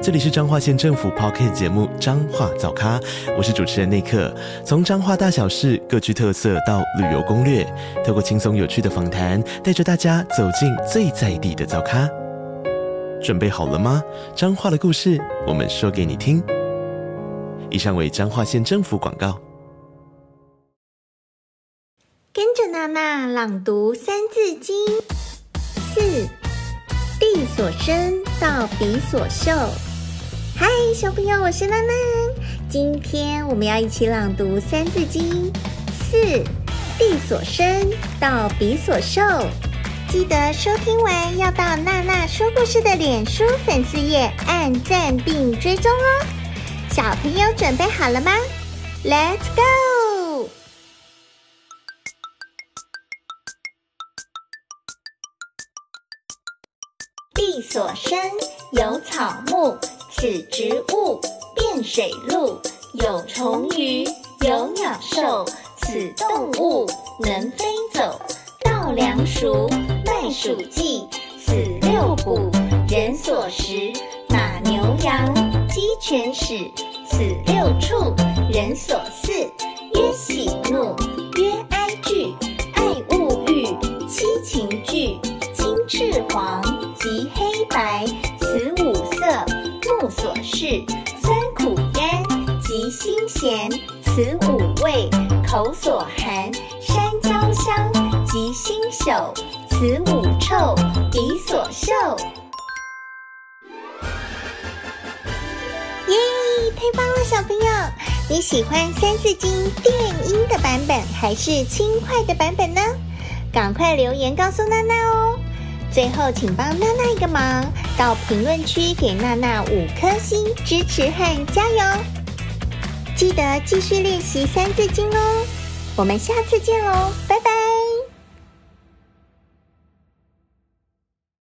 這裡是彰化縣政府 Podcast 節目《彰化早咖》，我是主持人內克。從彰化大小事各具特色到旅遊攻略，透過輕鬆有趣的訪談，帶着大家走進最在地的早咖。準備好了嗎？彰化的故事，我們說給你聽。以上為彰化縣政府廣告。跟着娜娜朗讀《三字經》四，四地所生到鼻所嗅。嗨，小朋友，我是娜娜。今天我們要一起朗讀《三字經》四，四地所生，到鼻所嗅。記得收聽完要到娜娜說故事的臉書粉絲頁按讚並追蹤哦。小朋友準備好了嗎？Let's go。地所生，有草木。此植物遍水陸，有蟲魚有鳥獸。此動物能飛走，稻粱菽麥黍稷。此六谷人所食，馬牛羊雞犬豕。此六畜人所飼。曰喜怒，曰哀懼，愛惡欲，七情具。青赤黃及黑。目所識酸苦甘，及辛鹹，此五味；口所含，膻焦香，及腥朽，此五臭；鼻所嗅。耶，太棒了，小朋友！你喜歡《三字經》電音的版本還是輕快的版本呢？趕快留言告訴娜娜哦！最後，請幫娜娜一個忙。到評論區給娜娜五顆星支持和加油！記得繼續練習《三字經》哦，我們下次見嘍，拜拜！